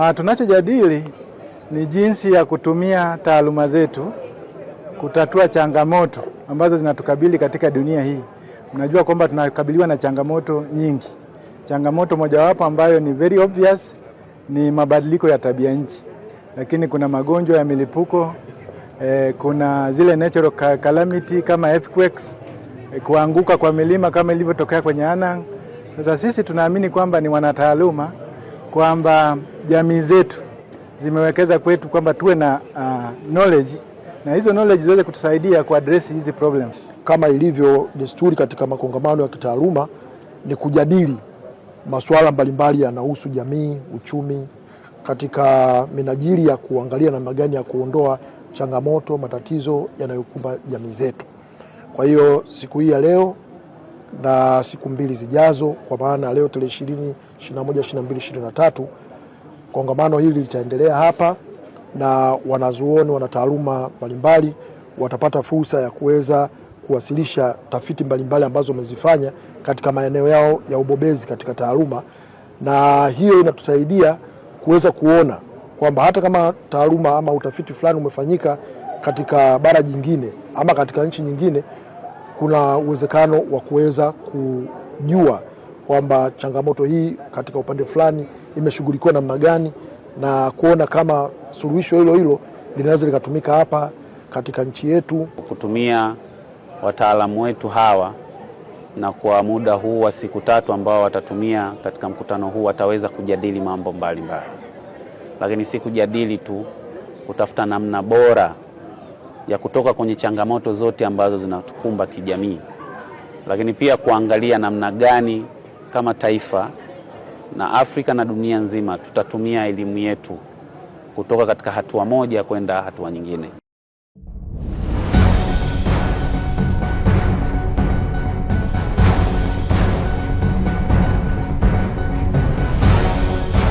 Ah, tunachojadili ni jinsi ya kutumia taaluma zetu kutatua changamoto ambazo zinatukabili katika dunia hii. Mnajua kwamba tunakabiliwa na changamoto nyingi. Changamoto mojawapo ambayo ni very obvious ni mabadiliko ya tabia nchi, lakini kuna magonjwa ya milipuko eh, kuna zile natural calamity kama earthquakes eh, kuanguka kwa milima kama ilivyotokea kwenye Anang. Sasa sisi tunaamini kwamba ni wanataaluma kwamba jamii zetu zimewekeza kwetu kwamba tuwe na uh, knowledge na hizo knowledge ziweze kutusaidia address hizi problem. Kama ilivyo desturi katika makongamano ya kitaaluma, ni kujadili masuala mbalimbali yanahusu jamii, uchumi, katika minajili ya kuangalia namna gani ya kuondoa changamoto, matatizo yanayokumba jamii zetu. Kwa hiyo siku hii ya leo na siku mbili zijazo, kwa maana leo tarehe 20, 21, 22, 23 Kongamano hili litaendelea hapa na wanazuoni, wanataaluma mbalimbali watapata fursa ya kuweza kuwasilisha tafiti mbalimbali ambazo wamezifanya katika maeneo yao ya ubobezi katika taaluma, na hiyo inatusaidia kuweza kuona kwamba hata kama taaluma ama utafiti fulani umefanyika katika bara jingine ama katika nchi nyingine, kuna uwezekano wa kuweza kujua kwamba changamoto hii katika upande fulani imeshughulikiwa namna gani na kuona kama suluhisho hilo hilo linaweza likatumika hapa katika nchi yetu, kutumia wataalamu wetu hawa na kwa muda huu wa siku tatu ambao watatumia katika mkutano huu wataweza kujadili mambo mbalimbali mbali. Lakini si kujadili tu, kutafuta namna bora ya kutoka kwenye changamoto zote ambazo zinatukumba kijamii, lakini pia kuangalia namna gani kama taifa na Afrika na dunia nzima tutatumia elimu yetu kutoka katika hatua moja kwenda hatua nyingine.